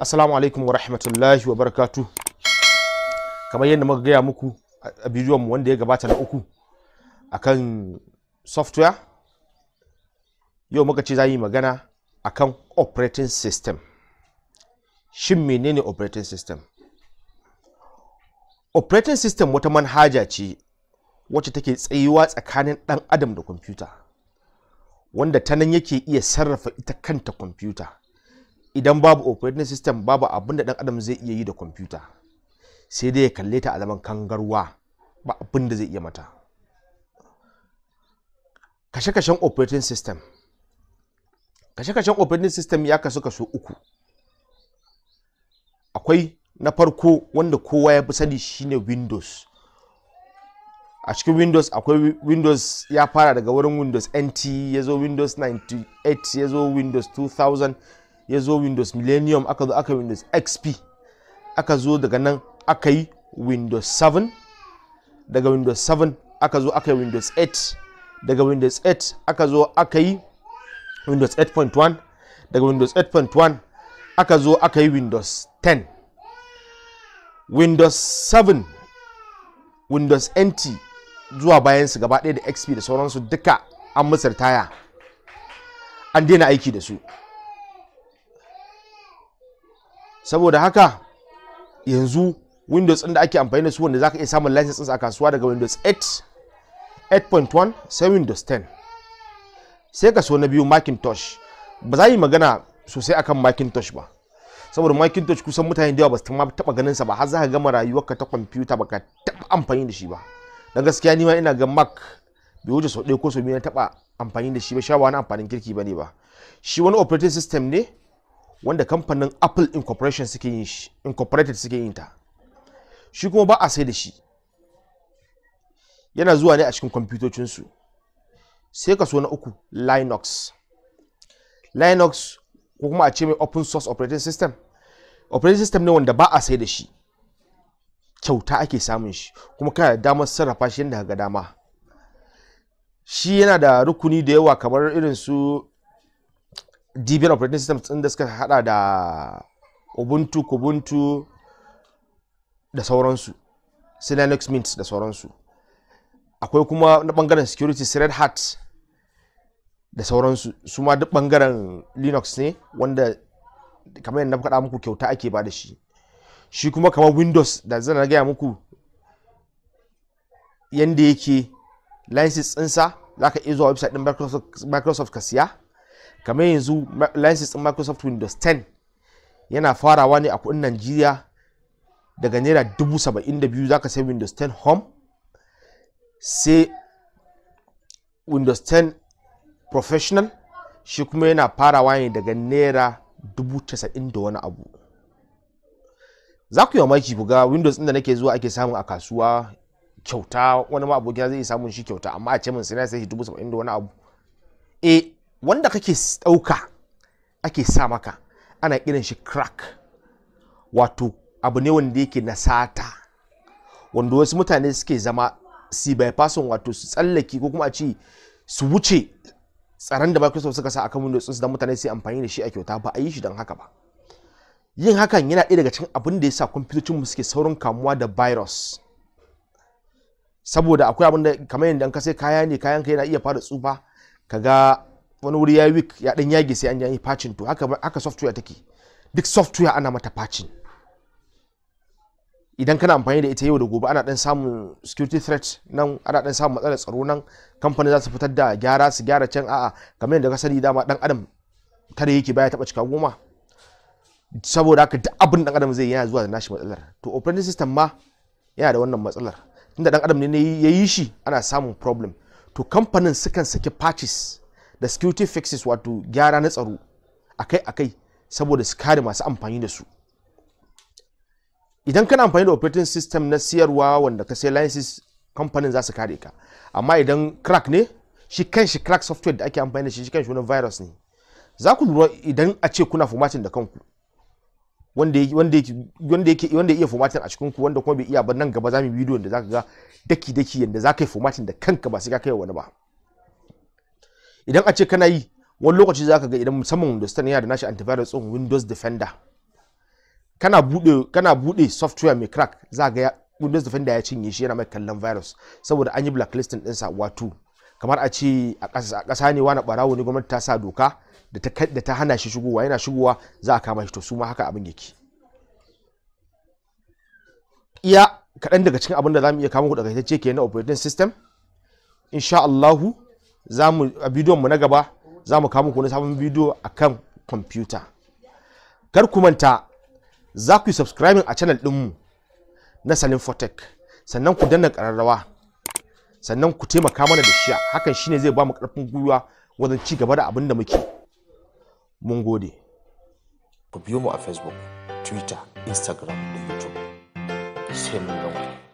assalamu alaikum wa rahmatullahi wa barakatu kamar yadda muka gaya muku a bidiyon mu wanda ya gabata na uku akan software yau muka ce za yi magana akan operating system shin menene operating system operating system wata manhaja ce wacce take tsayuwa tsakanin dan adam da kwamfuta wanda ta nan yake iya sarrafa ita kanta kwamfuta idan babu operating system babu abinda dan adam zai iya yi da kwamfuta sai dai ya kalle ta a zaman kangarwa ba abin zai iya mata kashe-kashen operating system kashe-kashen operating system ya kasu kaso uku akwai na farko wanda kowa ya fi sani shine windows a cikin windows akwai windows ya fara daga wurin windows nt ya zo windows 98 ya zo windows 2000 ya zo windows millennium aka zo aka windows xp aka zo daga nan aka yi windows 7 daga windows 7 aka zo aka yi windows 8 daga windows 8 aka zo aka yi windows 8.1 daga windows 8.1 aka zo aka yi windows 10 windows 7 windows nt zuwa bayansu gaba ɗaya da xp da sauransu duka an musar taya an daina aiki da su saboda haka yanzu windows ɗin da ake amfani da su wanda za ka iya samun license a kasuwa daga windows 8 8.1 sai windows 10 sai kaso na biyu macintosh ba za yi magana sosai akan macintosh ba saboda macintosh kusan mutane da yawa ba su taɓa ganin sa ba har za ka gama rayuwarka ta kwamfuta ba ka taɓa amfani da shi ba na gaskiya ni ma ina ga mac bai wuce sau ɗaya ko sau biyu na taɓa amfani da shi ba sha wani amfanin kirki ba ne ba shi wani operating system ne wanda kamfanin apple incorporation suke yin shi incorporated suke yin ta shi kuma ba a sai da shi yana zuwa ne a cikin kwamfutocinsu sai kaso na uku linux linux ko kuma a ce mai open source operating system operating system ne wanda ba a sai da shi kyauta ake samun shi kuma kana da damar sarrafa shi yadda ga dama shi yana da rukuni da yawa kamar irin su debian operating systems ɗin da suka haɗa da ubuntu kubuntu da sauransu mint da sauransu akwai kuma na bangaren security red hat da sauransu su ma duk bangaren linux ne wanda kamar yadda na faɗa muku kyauta ake ba da shi shi kuma kamar windows da zan gaya muku yadda yake license ɗinsa za ka iya zuwa website ɗin microsoft ka siya kamar yanzu license din microsoft windows 10 yana farawa ne a kudin nigeria daga naira dubu saba'in da biyu sai windows 10 home sai windows 10 professional shi kuma yana farawa ne daga naira dubu da wani abu za ku yi mamaki ku ga windows da nake zuwa ake samu a kasuwa kyauta wani ma abokina zai samun shi kyauta amma a ce mun sai na sai shi dubu saba'in da wani abu eh wanda kake ɗauka ake sa maka ana kiran shi crack wato abu ne wanda yake na sata wanda wasu mutane suke zama si bypassin wato su tsallake ko kuma a ce su wuce tsaron da microsoft suka sa akan windows su da mutane su amfani da shi a kyauta ba a yi shi don haka ba yin hakan yana ɗaya daga cikin abin da ya sa kwamfutocinmu suke saurin kamuwa da virus saboda akwai abin da kamar yadda ka sai kaya ne kayan ka yana iya fara tsufa ka ga. wani wuri ya yi wik, ya dan yage sai an yi patching to haka haka software take duk software ana mata patching idan kana amfani da ita yau da gobe ana dan samun security threat nan ana dan samun matsalar tsaro nan kamfani za su fitar da gyara su gyara can a'a kamar yadda ka sani dama dan adam tare yake baya taba cika goma saboda haka duk abin dan adam zai yana zuwa da nashi matsalar to operating system ma yana da wannan matsalar tunda dan adam ne ya yi shi ana samun problem to kamfanin sukan saki patches da security fixes wato gyara na tsaro akai-akai saboda su kare masu amfani da su idan kana amfani da operating system na siyarwa wanda ka sai licenses kamfanin za su kare ka amma idan crack ne shi kan shi crack software da ake amfani da shi shi kan shi wani virus ne za ku lura idan a ce kuna formatting da kanku wanda ya iya formatting a cikinku wanda kuma bai iya ba nan gaba za mu bidiyon da za ka ga daki-daki yadda za ka yi formatting da kanka ba sai ka kai wani ba idan a ce kana yi wani lokaci za ka ga idan musamman windows 10 yana da nashi antivirus ɗin windows defender kana bude kana software mai crack za ga windows defender ya cinye shi yana mai kallon virus saboda an yi blacklisting sa wato kamar a ce a ƙasa ne wani ɓarawo ne gwamnati ta sa doka da ta hana shi shigowa yana shigowa za a kama shi to su ma haka abin yake iya kaɗan daga cikin abin da za mu iya kama ku daga ita ce ke na operating system insha Allahu a bidiyon mu na gaba za mu kamun ku na sabon bidiyo a kan kwamfuta kar ku manta za ku yi subscribing a channel dinmu na Salim Fortech sannan ku danna kararrawa sannan ku taimaka mana da shiya hakan shine zai ba mu karfin gwiwa wajen ci gaba da abin da muke mun gode ku biyo mu a Facebook Twitter Instagram da YouTube sai mun ga